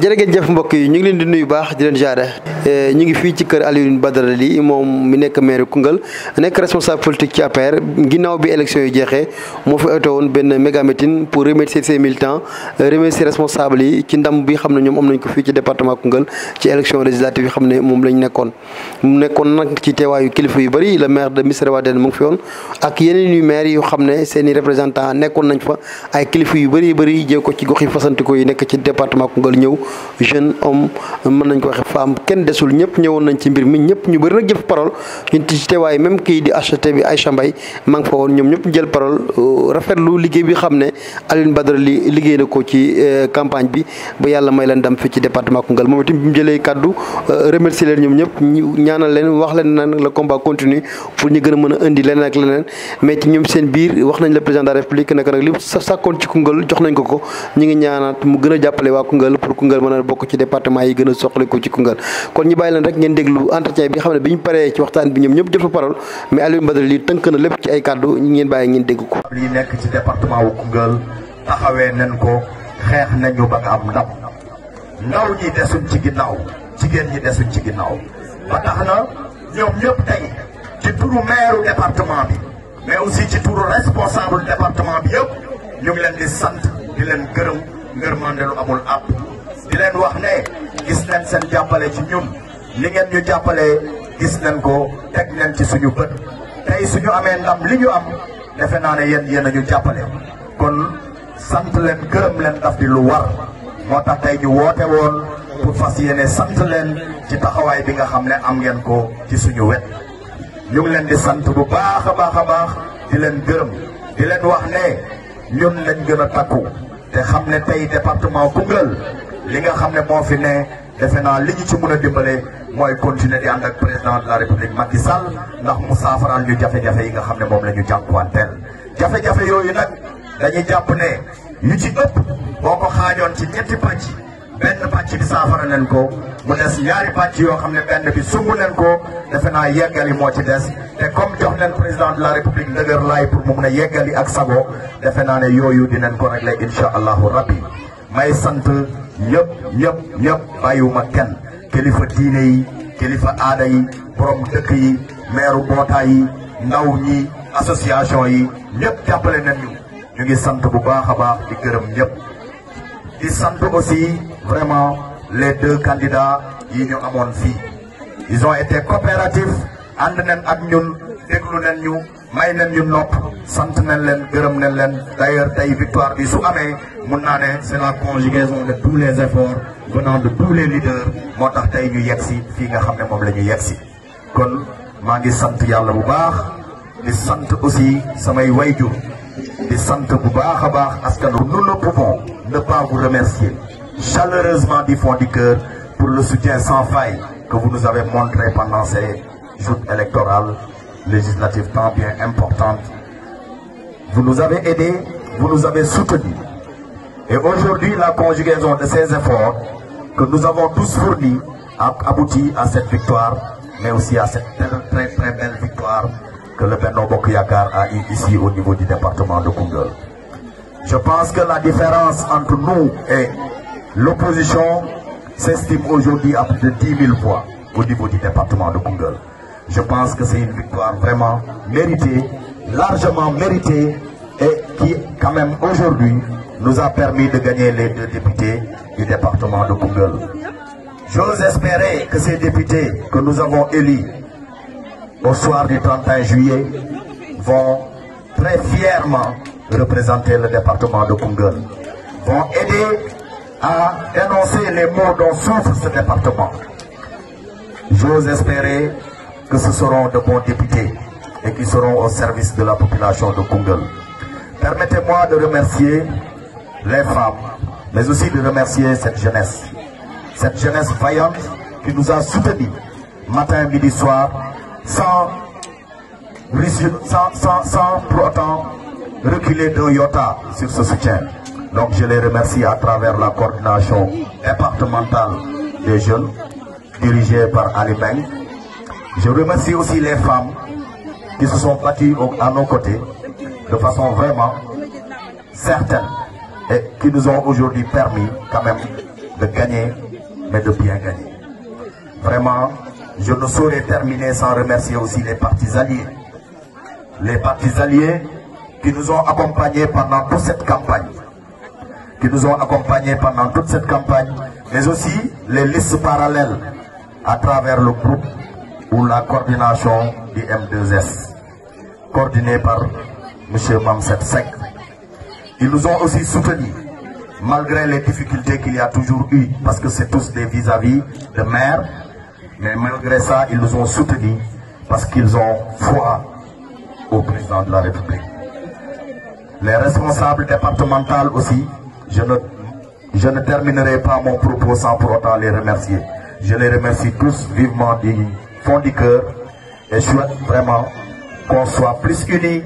jërë ngeen jëf mbokk yi ñu ngi leen di nuyu baax di leen jaare Eh, ñu ngi fii ci kër Alioune Badara Ly moom mi nekk maire Koungheul nekk responsable politique ci APR ginnaaw bi élection yi jeexee moo fi oto woon benn méga meeting pour remercier ses militants eh, remercier responsable yi ci ndam bi xam ne ñoom am nañ ko fii ci département Koungheul ci élection législative yi xam ne moom lañ nekkoon nekkoon i nañ fa ay kilifa yu bëri bëri jëw ko ci gox yi fasantikoo yi nekk ci département Koungheul ñëw jeune homme mën nañ ko waxe femme desul ñëpp ñëwoon nañ ci mbir mi ñëpp ñu bëri nag jëf parole ñun ci teewaay même kii di acheté bi Aïcha Mbaye maa fa woon ñoom ñëpp jël parole euh, rafetlu liggéey bi xam ne Alioune Badara li liggéey na ko ci euh, campagne bi ba yàlla may leen dam fii ci département Koungheul moom itam bi mu jëlee kàddu euh, remercier leen ñoom ñëpp ñaanal leen wax leen naan le combat continue pour ñu gën a mën a indi leneen ak leneen mais ci ñoom seen biir wax nañ le président de la république naka nag li sa sàkkoon ci Koungheul jox nañ ko ko ñu ngi ñaanaat mu gën a bokk ci département yi gën a soxla ko ci kon ñu leen rek ngeen déglu entretien bi nga xam ne bi ñu paree ci waxtaan bi ñoom ñëpp jot fa parole mais Alioune lii tënk na lépp ci ay kàddu ngeen bàyyi ngeen dégg ko. lii nekk ci département wu Koungheul taxawee nañ ko xeex nañu ba nga am ndam ndaw ñi desuñ ci ginnaaw jigéen ñi desuñ ci ginnaaw ba tax na ñoom ñëpp tey ci turu maire département bi mais aussi ci turu responsable département bi yëpp ñu ngi leen di sant di leen gërëm ngërmande amul àpp. leen wax ne gis nañ seen jàppale ci ñun li ngeen ñu jàppale gis nañ ko teg leen ci suñu bët tey suñu amee ndam li ñu am defe naa ne yéen yéen a ñu jàppale kon sant leen gërëm leen daf di lu war moo tax tey ñu woote woon pour fas yéene sant leen ci taxawaay bi nga xam ne am ngeen ko ci suñu wet ñu ngi leen di sant bu baax a baax a baax di leen gërëm di leen wax nee ñun lañ gën a takku te xam ne tey département Koungheul li nga xam ne moo fi ne defe naa li ñu ci mën a dimbale mooy continuer di ànd ak président de la république Macky ndax mu saafaral ñu jafe-jafe yi nga xam ne moom la ñu jànkuwanteel. jafe-jafe yooyu nag dañuy jàpp ne yu ci ëpp boo ko xaajoon ci ñetti pàcc benn pàcc bi saafara leen ko mu des ñaari pàcc yoo xam ne benn bi sumb leen ko defe naa yeggali moo ci des te comme jox leen président de la république ndëgër laay pour mu mun a yeggali ak sago defe naa ne yooyu dinañ ko réglé incha allahu rabbi may sant. yëpp yëpp yëpp bàyyiwuma kenn kilifa diine yi kilifa aada yi borom dëkk yi meeru mbootaay ndaw ñi association yi ñëpp jàppale nañ ñu ñu ngi sant bu baax a baax di gërëm yëpp di sant aussi vraiment les deux candidats yi ñu amoon fii ils ont été coopératifs ànd nañ ak ñun déglu nañ ñu may nañ ñu nopp sant nañ leen gërëm nañ leen d'ailleurs tey victoire bi su amee mun naa ne c'est la conjugaison de tous les efforts venant tous les leaders moo tax tey ñu yegg si fii nga xam ne moom la ñu yegg si kon maa ngi sant yàlla bu baax di sant aussi samay wayjur di sant bu baax a baax askan wi nous ne pouvons ne pas vous remercier chaleureusement du fond pour le soutien sans faille que vous nous avez montré pendant ces joutes législative tant bien importante. Vous nous avez aidés, vous nous avez soutenus. Et aujourd'hui, la conjugaison de ces efforts que nous avons tous fournis a à cette victoire, mais aussi à cette très belle victoire que le Benno Bokk Yakaar a eu ici au niveau du département de Koungheul. Je pense que la différence entre nous et l'opposition s'estime aujourd'hui à plus de 10 au niveau du département de Koungheul. Je pense que c'est une victoire vraiment méritée, largement méritée, et qui, quand même, aujourd'hui, nous a permis de gagner les deux députés du département de Koungheul. J'ose espérer que ces députés que nous avons élus au soir du juillet vont très fièrement représenter le département de Koungheul, vont aider à énoncer les mots dont souffre ce département. J'ose espérer que ce seront de bons députés et qui seront au service de la population de Koungheul. Permettez-moi de remercier les femmes, mais aussi de remercier cette jeunesse. Cette jeunesse vaillante qui nous a soutenus matin, midi, soir, sans, sans, reculer d'un iota sur ce soutien. Donc je les remercie à travers la coordination départementale des jeunes dirigée par Ali Je remercie aussi les femmes qui se sont battues à nos de façon vraiment certaine et qui nous ont aujourd'hui permis quand même de gagner, mais de bien gagner. Vraiment, je ne saurais terminer sans remercier aussi les partis alliés. Les partis alliés qui nous ont accompagnés pendant toute cette campagne, qui nous ont accompagnés pendant toute cette mais aussi les listes parallèles à travers le groupe pour la coordination du M2S, coordonné par M. Mamset Sek. Ils nous ont aussi soutenus, malgré les difficultés qu'il y a toujours eu, parce que c'est tous des vis-à-vis de maires, mais malgré ça, ils nous ont soutenus, parce qu'ils ont foi au président de la République. Les responsables départementaux aussi, je ne, je ne terminerai pas mon propos sans pour les remercier. Je les remercie tous vivement du fond du cœur et vraiment qu'on soit plus unis